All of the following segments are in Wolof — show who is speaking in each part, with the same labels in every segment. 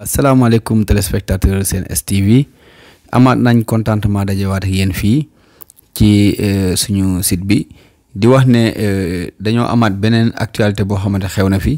Speaker 1: asalaamaaleykum téléspectateur seen STV amaat nañ contentement dajewaat ak yéen fii ci euh, suñu site bi di wax ne euh, dañoo amaat beneen actualité boo xamante xew na fi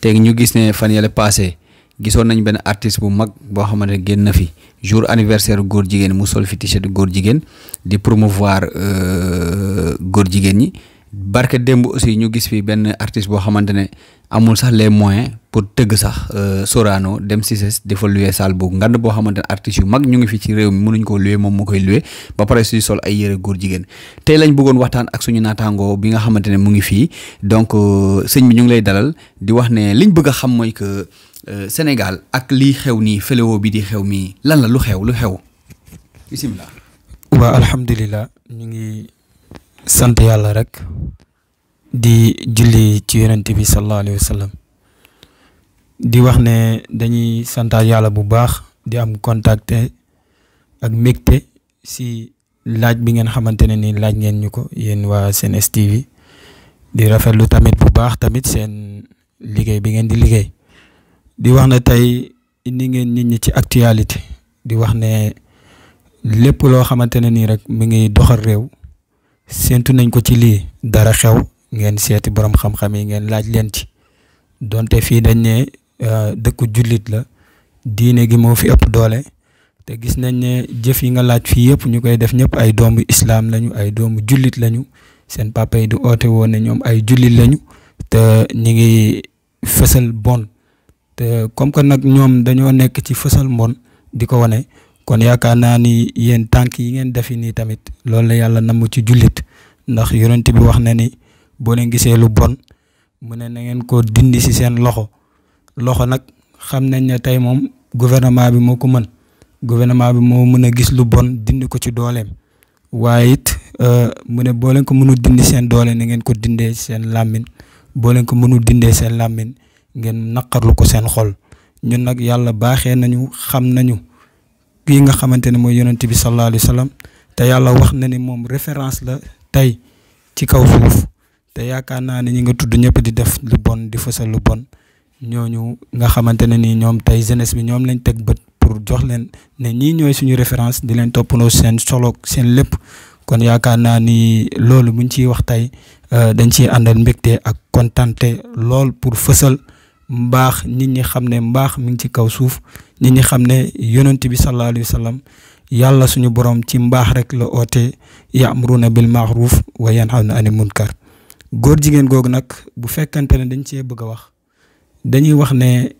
Speaker 1: teeg ñu gis ne fan yële passé gisoon nañ benn artiste bu mag boo xamante ne génn na fi jour anniversaire góor jigéen mu sol fi t-shirt góor jigéen di promouvoir euh, góor jigéen ñi barke démb aussi ñu gis fi benn artiste boo xamante ne amul sax les moyen pour tëgg sax euh, soraano dem si Cissé dafa loué salle boobu ngand boo xamante ne artistes yu mag ñu ngi fi ci réew mi mënuñ koo loué moom moo koy loué ba pare suy sol ay yére góor jigéen tey lañ bëggoon waxtaan ak suñu naataangoo bi nga xamante ne mu ngi fii donc euh, sëñ bi ñu ngi lay dalal di wax ne liñ bëgg a xam mooy que euh, Sénégal ak lii xew nii fléau bi di xew mii lan la lu xew lu xew
Speaker 2: sant yàlla rek di julli ci yonent bi sallallahu alayhi di wax ne dañuy santaat yàlla bu baax di am contact ak mbégte si laaj bi ngeen xamante ne ni laaj ngeen ñu ko yéen waa seen STV di rafetlu tamit bu baax tamit seen liggéey bi ngeen di liggéey di wax na tey indi ngeen nit ñi ci actualité di wax ne lépp loo xamante ne nii rek mu ngi doxal réew séentu nañ ko ci lii dara xew ngeen seeti borom xam-xam yi ngeen laaj leen ci donte fii dañ ne euh, dëkku jullit la diine gi moo fi ëpp doole te gis nañ ne jëf yi nga laaj fii yëpp ñu koy def ñëpp ay doomu islaam lañu ay doomu jullit lañu seen papa yi di oote woon ne ñoom ay jullit lañu te ñu ngi fësal bon te comme que nag ñoom dañoo nekk ci fësal mbon di ko wane kon yaakaar naa ni yéen tànk yi ngeen def ni tamit loolu la yalla namu ci julit ndax yoonte bi wax na ni bo len gisee lu bon mu ne na ngeen ko dindi ci seen loxo loxo nak xam nañ ne tay mom gouvernement bi moko man gouvernement bi mo meuna gis lu bon dindi ko ci dolem waye it euh, mu ne bo len ko meunu dindi seen dole na ngeen ko dindee seen lamine bo len ko meunu dindee seen lamine ngeen nakarlu ko seen xol ñun nak yalla baxé nañu xam nañu bi nga xamantene moy yonnati bi sallallahu alayhi wasallam te yalla wax na ni mom reference la tay ci kaw suuf te yaakaar naa ne ñi nga tuddu ñep di def lu bon di fessel lu bon ñoñu nga xamantene ni ñom tay jeunesse bi ñom lañ teg bët pour jox len ne ñi ñoy suñu reference di top no sen solo sen lepp kon ni loolu buñ ci wax tey euh, dañ ci andal mbekté ak kontante lool pour fessel mbaax nit ñi xam ne mbaax mi ngi ci kaw suuf ñi ñi xam ne yonent bi sallallahu alayhi wa yàlla suñu borom ci mbaax rek la oote ya'muruna bil ma'ruf wa yanhawna anil munkar góor jigéen googu nag bu fekkante ne dañ cee bëgg wax dañuy wax ne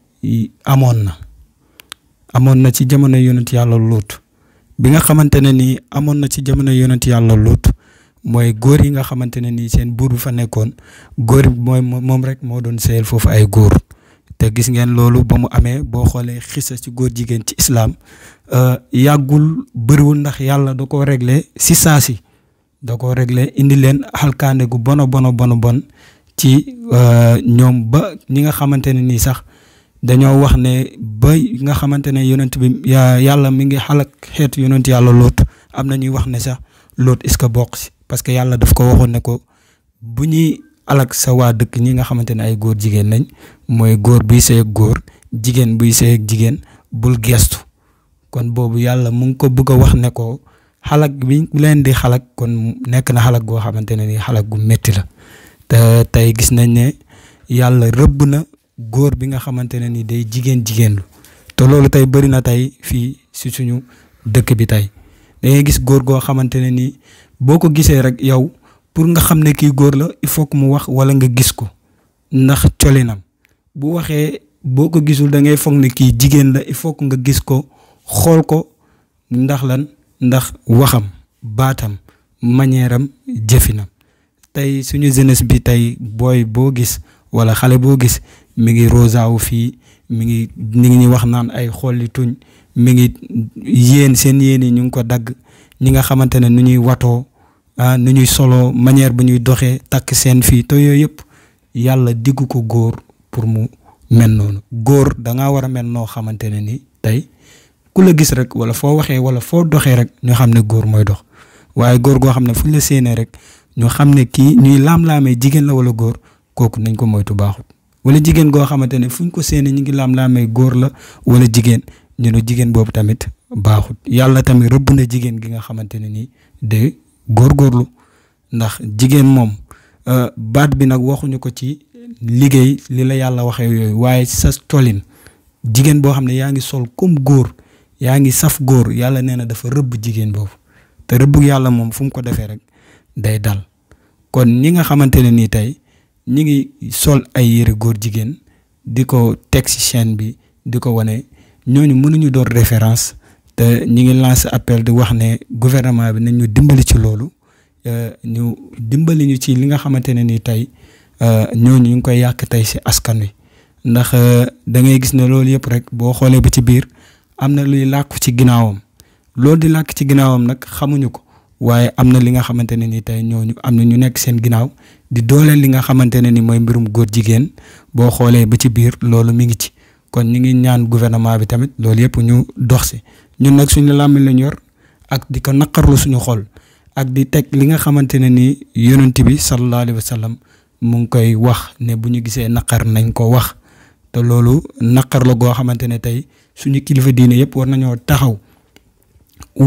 Speaker 2: amoon na amoon na ci jamono yonent yàlla luut bi nga xamante ne nii amoon na ci jamono yonent yàlla luut mooy góor yi nga xamante ne nii seen buur bi fa nekkoon góor bi mooy moom rek moo doon seyal foofu ay góor te gis ngeen loolu ba mu amee boo xoolee xisa ci góor jigéen ci islam euh, yàggul bëriwul ndax yàlla da koo réglé si saa si da koo réglé indi leen xalkaande gu bon bono bono bon ci euh, ñoom ba ñi nga xamante ne nii sax dañoo wax ne ba nga xamante ne yonent bi ya, yàlla mi ngi xalak xeetu yonent yàlla loot am na ñuy wax ne sax lot est-ce que bokk si parce que yàlla daf ko waxoon ne ko bu alak sa waa dëkk ñi nga xamante ne ay góor jigéen lañ mooy góor buy sëy ak góor jigéen buy sëy ak jigéen bul gestu kon boobu yàlla mu ngi ko bëgg wax ne ko xalak bi leen di xalag kon nekk na xalag goo xamante ne ni xalak métti la te tey gis nañ ne yàlla rëbb na góor bi nga xamante ne ni day jigéen jigéen te loolu tey bëri na tey fii si suñu dëkk bi tey da gis góor goo xamante ne ni boo ko gisee rek yow pour nga xam ne kii góor la il faut mu wax wala nga gis ko ndax colinam bu waxee boo ko gisul da ngay foog ne kii jigéen la il faut nga gis ko xool ko ndax lan ndax waxam baatam manière am jëfinam tey suñu jeunesse bi tey booy boo gis wala xale boo gis mi ngi rosaawu fii mi ngi ni ngi wax naan ay xolli tuñ mi ngi yéen seen yéen yi ñu ngi ko dagg ñi nga xamante nu ñuy watoo ah nu ñuy solo manière bu ñuy doxee takk seen fii te yooyu yëpp yàlla diggu ko góor pour mu mel noonu góor da ngaa war a mel noo xamante ne ni tey ku la gis rek wala foo waxee wala foo doxee rek ñu xam ne góor mooy dox waaye góor goo xam ne fu ñu séenee rek ñu xam ne kii ñuy laam-laamee jigéen la wala góor kooku nañ ko moytu baaxut wala jigéen goo xamante ne fu ñu ko séenee ñu ngi laam-laamee góor la wala jigéen ñu ne jigéen boobu tamit baaxut yàlla tamit rëbb na jigéen gi nga xamante ne nii de góor góorgóorlu ndax jigéen moom euh, baat bi nag waxuñu ko ci liggéey li la yàlla waxee yooyu waaye sa tolin jigéen boo xam ne yaa ngi sol comme góor yaa ngi saf góor yàlla nee na dafa rëbb jigéen boobu te rëbb yàlla moom fu mu ko defee rek day dal kon ñi nga xamante ne nii tey ñi ngi sol ay yére góor jigéen di ko teg ci chaîne bi di ko wane ñooñu mënuñu doon référence te ñi ngi lance appel di wax ne gouvernement bi nañ ñu dimbali ci loolu euh, ñu dimbali ñu ci li nga xamante ne ni tey euh, ñooñu ñu ngi koy yàq tey si askan wi ndax euh, da ngay gis ne loolu yëpp rek boo xoolee ba ci biir am na luy làkku ci ginnaawam loolu di làkk ci ginnaawam nag xamuñu ko waaye am na li nga xamante ne ni tey ñooñu am na ñu nekk seen ginnaaw di dooleel li nga xamante ne ni mooy mbirum góor jigéen boo xoolee ba ci biir loolu mi ngi ci kon ñu ngi ñaan gouvernement bi tamit loolu yëpp ñu dox si ñun nag suñu làmmiñ la ñor ak di ko naqarlu suñu xol ak di tek li nga xamantene Tibi ni yonent bi sallallahu Alaihi Wasallam mu ngi koy wax ne bu ñu gisee naqar nañ ko wax te loolu naqar la goo xamantene ne tey suñu kilifa diine yépp war nañoo taxaw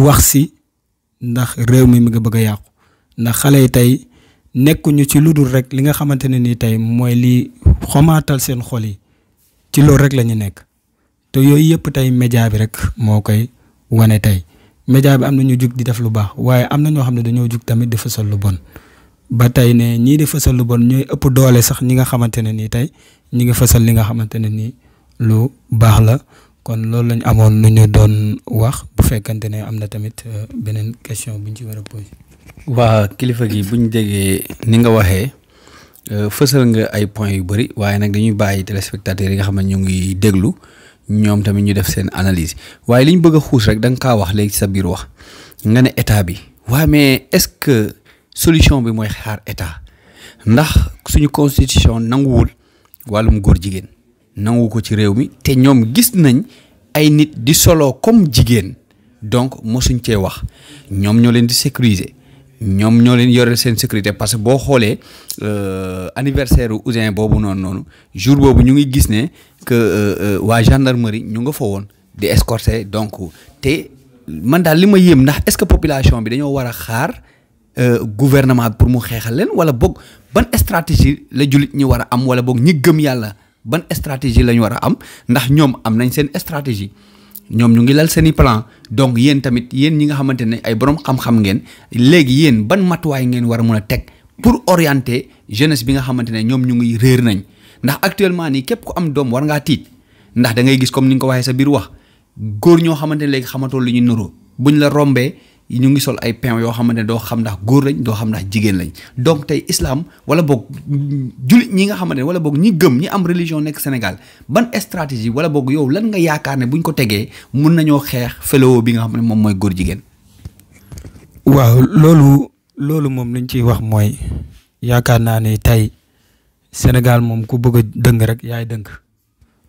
Speaker 2: wax si ndax réew mi mi nga bëgg a ndax xale yi tey nekkuñu ci ludul rek li nga xamantene ne ni tey mooy li xomaatal seen xol yi ci loolu rek la ñu nekk te yooyu yépp tey média bi rek moo koy wane tey média bi am na ñu jug di def lu baax waaye am na ñoo xam ne dañoo jug tamit di fësal lu bon ba tey ne ñii di fësal lu bon ñooy ëpp doole sax ñi nga xamante ne nii tey ñi nga fësal li nga xamante ne nii lu baax la kon loolu lañ amoon lu ñu doon wax bu fekkante ne am na tamit euh, beneen question buñ ci war a
Speaker 1: waa kilifa gi buñ jegee ni nga waxee euh, fësal nga ay points yu bari waaye nag dañuy bàyyi téléspectateurs yi nga xam ne ñu ngi déglu. ñoom tamit ñu def seen analyse waaye li ñu bëgg a xuus rek da nga kaa wax léegi sa biir wax nga ne état bi waaye mais est-ce que solution bi mooy xaar état ndax suñu constitution nanguwul wàllum góor jigéen nangu ko ci réew mi te ñoom gis nañ ay nit di solo comme jigéen donc mosuñ cee wax ñoom ñoo leen di sécuriser ñoom ñoo leen yoreel seen sécurité parce que boo xoolee euh, anniversaire u Ouzin boobu noonu noonu jour boobu ñu ngi gis ne que euh, euh, waa gendarmerie ñu nga fa woon di escorter donc te man daal li ma yem ndax est-ce que population bi dañoo war a xaar euh, gouvernement bi pour mu xeexal leen wala boog ban stratégie la jullit ñi war a am wala boog ñi gëm yàlla ban stratégie la ñu war a am ndax ñoom am nañ seen stratégie ñoom ñu ngi lal seen i plan donc yéen tamit yéen ñi nga xamante ne ay borom xam-xam ngeen léegi yéen ban matuwaay ngeen war a mën a teg pour orienter jeunesse bi nga xamante ne ñoom ñu ngi réer nañ ndax actuellement nii képp ku am doom war ngaa tiit ndax dangay gis comme ni nga ko waxee sa biir wax góor ñoo xamante ne léegi xamatoo lu ñu nuroo buñ la rombee ñu ngi sol ay pain yoo xamante ne doo xam ndax góor lañ doo xam ndax jigéen lañ donc tey islaam wala boog jullit ñi nga xamante ne wala boog ñi gëm ñi am religion nekk Sénégal ban stratégie wala boog yow lan nga yaakaar ne buñ ko tegee mun nañoo xeex fléau bi nga xam ne moom mooy góor jigéen.
Speaker 2: waaw loolu loolu moom liñ ciy wax mooy yaakaar naa ne tey Sénégal moom ku bëgg a dëng rek yaay dëng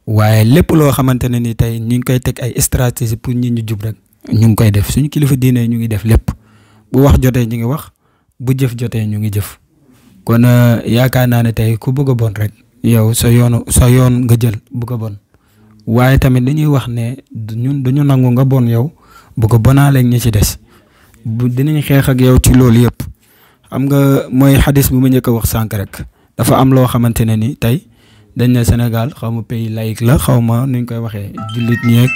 Speaker 2: waaye lépp loo xamante ne ni tey ñu ngi koy teg ay stratégie pour ñi ñu jub rek ñu ngi koy def suñu kilifa diine ñu ngi def lépp bu wax jotee ñu ngi wax bu jëf jotee ñu ngi jëf kon euh, yaakaar naa ne tey ku bëgg a bon rek yow sa yoonu sa yoon nga jël bu ko bon waaye tamit dañuy wax ne ñun duñu nangu nga bon yow bu ko bonaaleeg ñi ci des bu dinañ xeex ak yow ci loolu yëpp xam nga mooy xadis bu ma njëkk a wax sànq rek. dafa am loo xamante ne ni tey dañ ne Sénégal xaw ma pays laïque la xaw ma nuñ koy waxee jullit ñeeg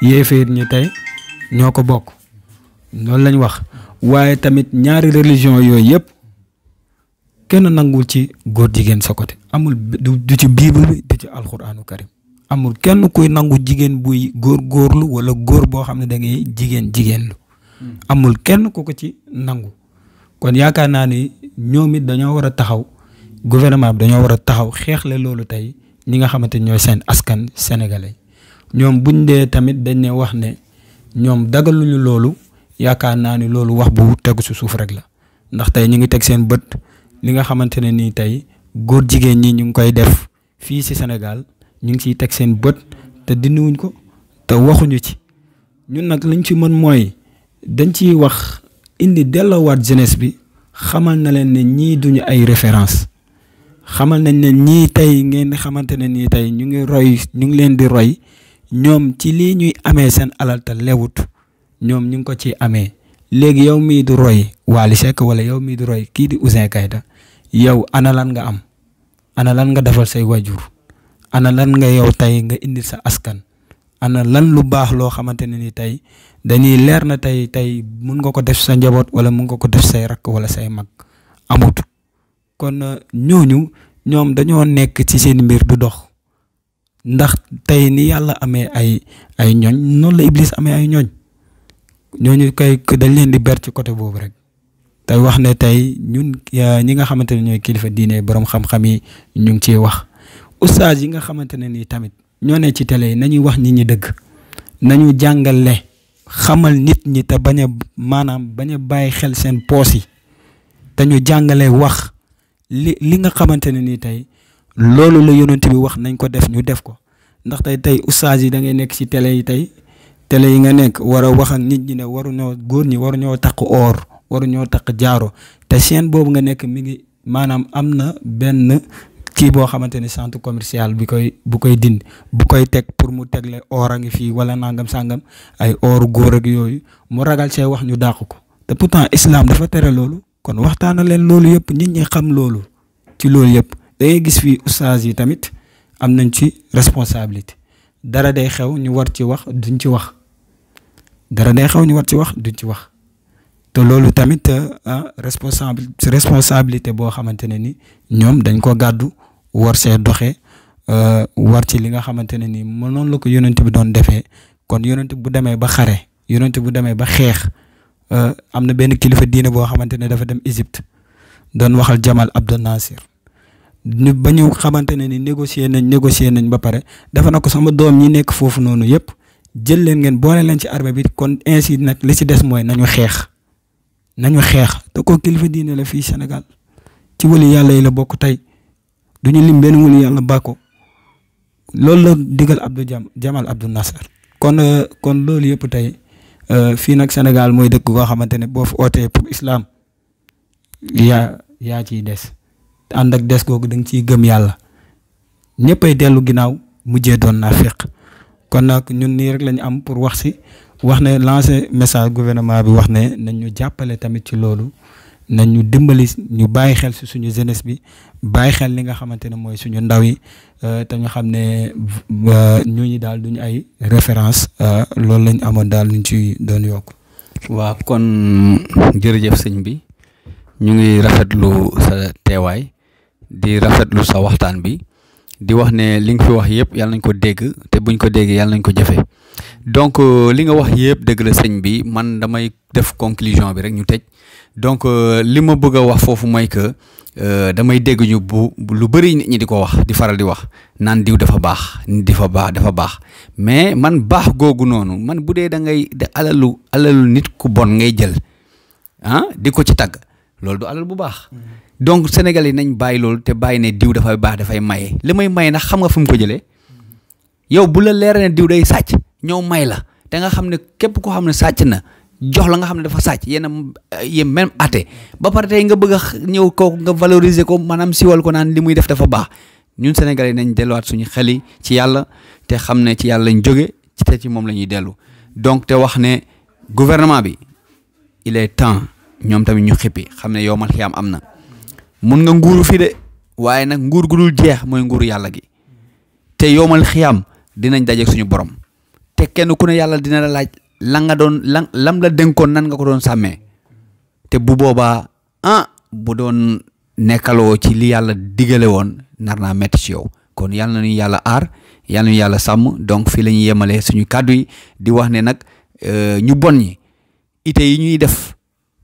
Speaker 2: yéeféer ñi tey ñoo ko bokk loolu lañu wax waaye tamit ñaari religion yooyu yëpp kenn nangul ci góor jigéen sa côté amul du ci bible bi du ci alxuraanu karim amul kenn kuy nangu jigéen buy góor góorlu wala góor boo xam ne da jigéen jigéen hmm. amul kenn ku ko ci nangu kon yaakaar naa ni ñoom it dañoo war a taxaw gouvernement bi dañoo war a taxaw xeexle loolu tey ñi nga xamante ni ñooy seen askan sénégalais ñoom buñ dee tamit dañ ne wax ne ñoom dagaluñu loolu yaakaar naa ni loolu wax bu tegu si suuf rek la ndax tey ñu ngi teg seen bët li nga xamante ne nii tey góor jigéen ñi ñu ngi koy def fii si Sénégal ñu ngi siy teg seen bët te dindiwuñ ko te waxuñu ci ñun nag liñ ci mën mooy dañ ci wax indi delloowaat jeunesse bi xamal na leen ne ñii duñu ay référence xamal nañ ne ñii tey ngeen xamantene ne tey ñu ngi roy ñu ngi leen di roy ñoom ci li ñuy amee seen alal te lewut ñoom ñu ngi ko ci amee léegi yow mii di roy wali Seck wala yow mii di roy kii di Ouzin Keita yow ana lan nga am ana lan nga defal say wajur ana lan nga yow tey nga indil sa askan ana lan lu baax loo xamantene ni tey dañuy leer na tey tey mun nga ko def sa njaboot wala mun nga ko def say rakk wala say mag amut kon euh, ñooñu ñoom dañoo nekk ci seen mbir du dox ndax tey ni yàlla amee ay ay ñooñ noonu la iblis amee ay ñooñ ñooñu kay dañ leen di ber ci côté boobu rek tey wax ne tey ñun ya, ñi nga xamante ne ñooy kilifa diine borom xam-xam yi ñu ngi ciy wax oustaz yi nga xamante ne tamit ñoo ne ci télé nañuy wax nit ñi dëgg nañu jàngale xamal nit ñi te bañ a maanaam bañ a bàyyi xel seen poos yi te ñu jàngale wax li li nga xamante ne ni tey loolu la yonent bi wax nañ ko def ñu def ko ndax tey tey ustaas yi da ngay nekk ci télé yi tey télé yi nga nekk war a wax nit ñi ne waru ñoo góor ñi waru ñoo takk or waru ñoo takk jaaro te chaîne boobu nga nekk mi ngi maanaam am na benn kii boo xamante ne centre commercial bi koy bu koy dind bu koy teg pour mu tegle or a ngi fii wala nangam sàngam ay or góor ak yooyu mu ragal see wax ñu dàq ko te pourtant islam dafa tere loolu kon waxtaana leen loolu yëpp nit ñi xam loolu ci loolu yëpp da gis fii ustaas yi tamit am nañ ci responsabilité dara day xew ñu war ci wax duñ ci wax dara day xew ñu war ci wax duñ ci wax te loolu tamit ah, responsab responsabilité boo xamante ne ni ñoom dañ ko gàddu war see doxee euh, war ci li nga xamante ne ni noonu la ko yonent bi doon defee kon yonent bu demee ba xare yonent bu demee ba xeex Euh, am na benn kilifa diine boo xamante ne dafa dem Égypte doon waxal Jamal Abdel Nasser ñu ba ñu xamante ne ni négocier nañ négocier nañ ba pare dafa na ko sama doom ñi nekk foofu noonu yëpp jël leen ngeen boole leen ci armée bi kon ainsi nag li ci des mooy nañu xeex nañu xeex te ko diine la fii Sénégal ci wali yàlla la bokk tey du ñu lim benn loolu la digal Abdou Jamal Abdel Nasser kon euh, kon loolu yëpp tey. Euh, fii nag Sénégal mooy dëkk koo xamante ne boo fi ootee pour islam yaa yaa ciy des ànd ak des kooku da nga ciy gëm yàlla ñëppay dellu ginnaaw mujjee doon naa féq kon nag ñun nii rek lañu am pour wax si wax ne lancé message gouvernement bi wax ne ñu jàppale tamit ci loolu nañ ñu dimbali ñu bàyyi xel si suñu jeunesse bi bàyyi xel li nga xamante ne mooy suñu ndaw yi euh, te ñu xam ne euh, ñooñu daal duñu ay référence euh, loolu lañ amoon daal nuñ ci doon yokk. waa kon jërëjëf
Speaker 1: sëñ bi ñu ngi rafetlu sa teewaay di rafetlu sa waxtaan bi. di wax ne li nga fi wax yépp yàlla nañ ko dégg te buñ ko déggee yàlla nañ ko jëfe donc euh, li nga wax yépp la sëñ bi man damay def conclusion bi rek ñu tëj donc euh, li ma bëgg a wax foofu mooy que euh, damay dégg ñu bu lu bëri nit ñi di ko wax di faral di wax naan diw dafa baax di fa baax dafa baax mais man baax googu noonu man bu dee da ngay alalu alalu nit ku bon ngay jël ah di ko ci tagg loolu du alal bu baax mm-hmm. donc Sénégal yi nañ bàyyi loolu te bàyyi ne diw dafay baax dafay maye li may maye na xam nga fu mu ko jëlee yow bu la leeree ne diw day sàcc ñëw may la te nga xam ne képp koo xam ne sàcc na jox la nga xam ne dafa sàcc yéen a yéen même até ba pare tey nga bëgg ñëw kooku nga valoriser ko maanaam siwal ko naan li muy def dafa baax ñun Sénégal yi nañ delluwaat suñu xel yi ci yàlla te xam ne ci yàlla lañ jóge ci te ci moom la ñuy dellu donc te wax ne gouvernement bi il est temps ñoom tamit ñu xippi xam ne yow mal xiyaam am na mën nga nguuru fi de waaye nag nguur gu dul jeex mooy nguuru yàlla gi te yowmal xiyam dinañ dajeeg suñu borom te kenn ku ne yàlla dina la laaj la nga doon lam la dénkoon nan nga ko doon sàmmee te bu boobaa ah bu doon nekkaloo ci li yàlla digale woon nar naa metti ci yow kon yàlla nañu yàlla aar yàlla nañu yàlla sàmm donc fi la ñuy yemalee suñu kàddu yi di wax ne nag euh, ñu bon ñi ite yi ñuy def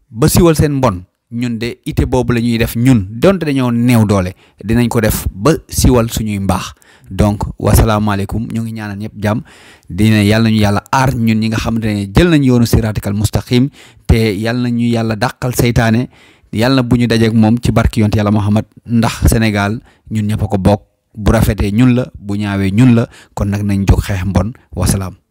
Speaker 1: ba siwal seen mbon ñun de ité boobu la ñuy def ñun donte dañoo néew doole dinañ ko def ba siwal suñuy mbaax donc wasalaamaaleykum ñu ngi ñaanal ñëpp jàmm dina yàlla ñu yàlla aar ñun ñi nga xamante ne jël nañ yoonu siraatikal mustaqim te yal na ñu yàlla daqal seytaane yàlla bu ñu dajeek moom ci barki yonte yàlla Muhammad ndax Sénégal ñun ñëpp a
Speaker 2: ko bokk bu rafetee ñun la bu ñaawee ñun la kon nag nañ jóg xeex mbon wasalaam